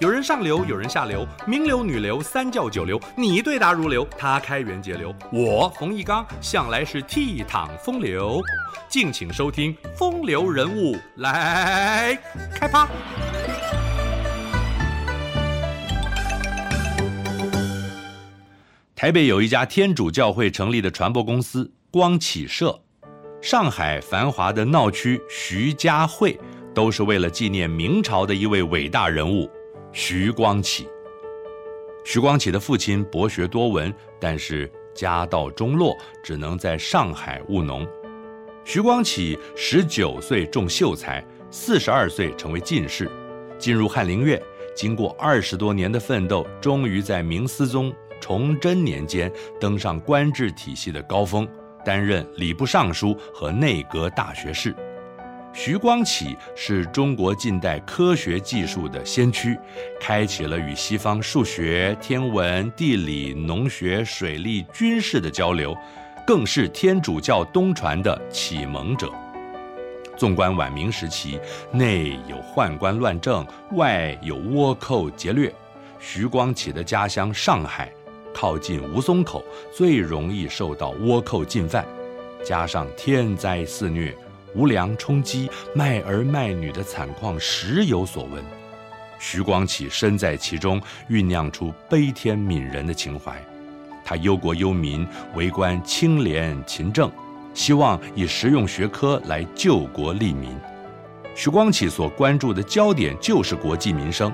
有人上流，有人下流，名流、女流、三教九流，你對答如流，他開源節流。我馮翊綱向來是倜儻風流，敬請收聽《風流人物》來開趴。台北有一家天主教會成立的傳播公司光啟社，上海繁華的鬧區徐家匯，都是為了紀念明朝的一位偉大人物。徐光啟。徐光啟的父親博學多聞，但是家道中落，只能在上海務農。徐光啟十九歲中秀才，四十二歲成為進士，進入翰林院。經過二十多年的奮鬥，終於在明思宗崇禎年間登上官制體系的高峰，擔任禮部尚書和內閣大學士。徐光啟是中國近代科學技術的先驅，開啟了與西方數學、天文、地理、農學、水利、軍事的交流，更是天主教東傳的啟蒙者。縱觀晚明時期，內有宦官亂政，外有倭寇劫掠。徐光啟的家鄉上海，靠近吳淞口，最容易受到倭寇進犯，加上天災肆虐。無良糧充飢，賣兒賣女的慘況時有所聞。徐光啟身在其中，醞釀出悲天憫人的情懷。他憂國憂民，為官清廉勤政，希望以實用學科來救國利民。徐光啟所關注的焦點就是國計民生，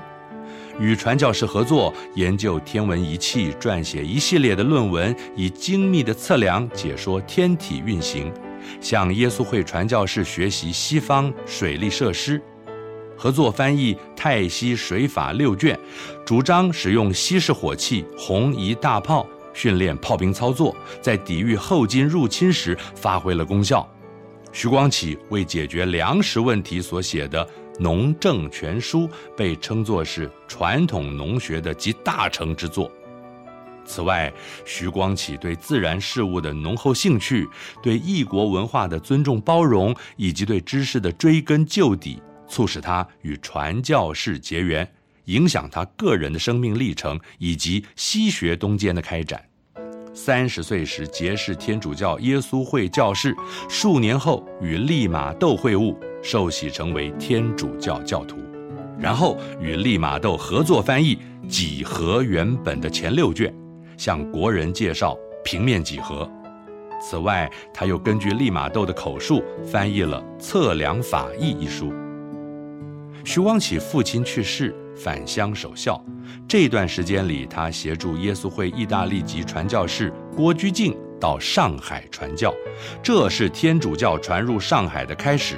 與傳教士合作，研究天文儀器，撰寫一系列的論文，以精密的測量解說天體運行。向耶穌會傳教士學習西方水利設施，合作翻譯《泰西水法》六卷，主張使用西式火器紅夷大炮，訓練炮兵操作，在抵禦後金入侵時發揮了功效。徐光啟為解決糧食問題所寫的《農政全書》，被稱作是傳統農學的集大成之作。此外，徐光啟對自然事物的濃厚興趣，對異國文化的尊重包容，以及對知識的追根究底，促使他與傳教士結緣，影響他個人的生命歷程以及西學東漸的開展。三十歲時結識天主教耶穌會教士，數年後與利瑪竇會晤，受洗成為天主教教徒，然後與利瑪竇合作翻譯《幾何原本》的前六卷。向國人介紹平面幾何。此外，他又根據利瑪竇的口述翻譯了《測量法義》一書。徐光啟父親去世，返鄉守孝。這段時間裡，他協助耶穌會意大利籍傳教士郭居靜到上海傳教，這是天主教傳入上海的開始。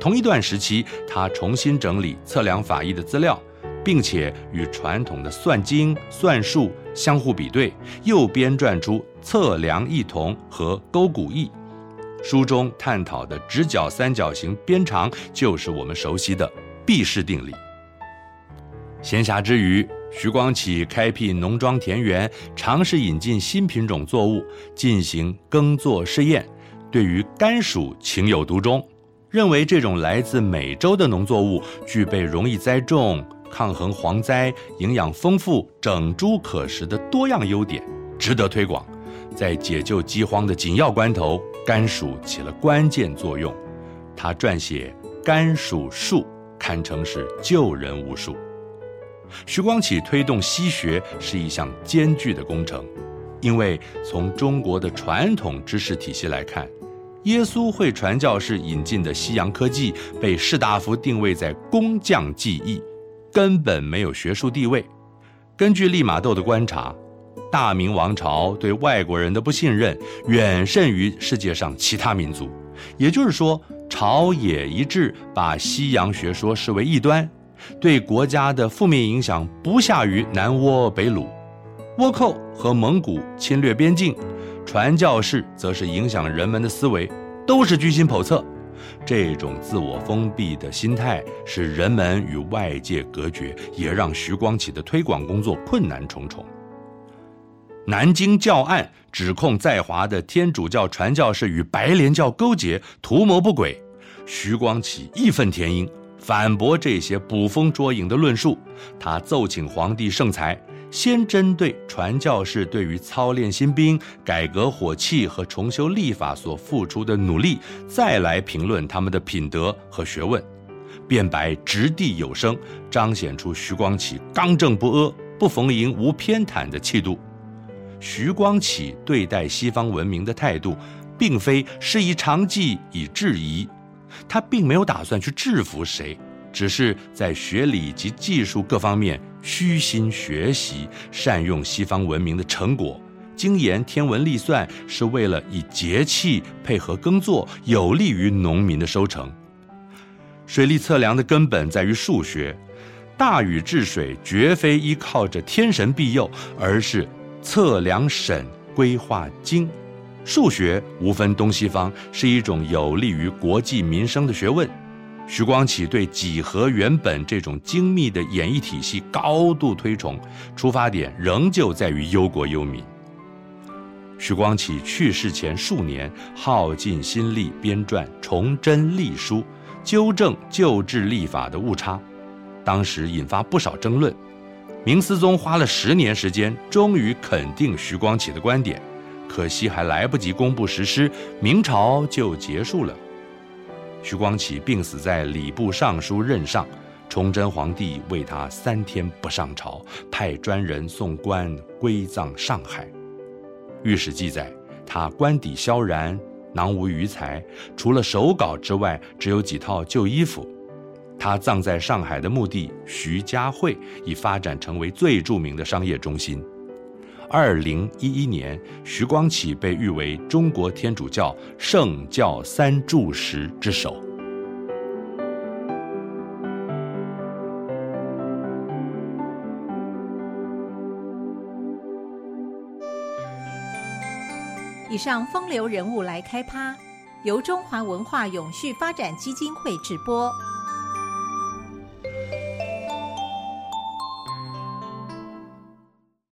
同一段時期，他重新整理《測量法義》的資料，並且與傳統的算經、算術。相互比對，又編撰出《測量異同》和《勾股異》。書中探討的直角三角形邊長，就是我們熟悉的畢氏定理。閒暇之餘，徐光啟開闢農莊田園，嘗試引進新品種作物進行耕作試驗。對於甘薯情有獨鍾，認為這種來自美洲的農作物具備容易栽種，抗衡蝗災，營養豐富，整株可食的多樣優點，值得推廣。在解救饑荒的緊要關頭，甘薯起了關鍵作用。他撰寫《甘薯疏》，堪稱是救人無數。徐光啟推動西學是一項艱巨的工程，因為從中國的傳統知識體系來看，耶穌會傳教士引進的西洋科技被士大夫定位在工匠技藝。根本沒有學術地位。根據利瑪竇的觀察，大明王朝對外國人的不信任遠甚於世界上其他民族。也就是說，朝野一致把西洋學說視為異端，對國家的負面影響不下於南倭北虜。倭寇和蒙古侵略邊境，傳教士則是影響人們的思維，都是居心叵測。這種自我封閉的心態使人們與外界隔絕，也讓徐光啟的推廣工作困難重重。南京教案指控在華的天主教傳教士與白蓮教勾結，圖謀不軌。徐光啟義憤填膺，反駁這些捕風捉影的論述。他奏請皇帝聖裁。先針對傳教士對於操練新兵，改革火器和重修曆法所付出的努力，再來評論他們的品德和學問，辯白擲地有聲，彰顯出徐光啟剛正不阿，不逢迎，無偏袒的氣度。徐光啟對待西方文明的態度，並非師夷長技以制夷，他並沒有打算去制服誰，只是在學理及技術各方面。虛心學習，善用西方文明的成果，精研天文歷算，是為了以節氣配合耕作，有利於農民的收成。水利測量的根本在於數學。大禹治水絕非依靠着天神庇佑，而是測量、審、規劃、精。數學無分東西方，是一種有利於國計民生的學問。徐光啟對幾何原本這種精密的演繹體系高度推崇，出發點仍舊在於憂國憂民。徐光啟去世前數年，耗盡心力編撰《崇禎曆書》，糾正舊制曆法的誤差，當時引發不少爭論。明思宗花了十年時間，終於肯定徐光啟的觀點，可惜還來不及公布實施，明朝就結束了。徐光啟病死在禮部尚書任上，崇禎皇帝為他三天不上朝，派專人送棺歸葬上海。御史記載，他官邸蕭然，囊無餘財，除了手稿之外，只有幾套舊衣服。他葬在上海的墓地徐家匯，已發展成為最著名的商業中心。二零一一年，徐光啟被譽為中國天主教聖教三柱石之首。以上風流人物來開趴，由中華文化永續發展基金會直播。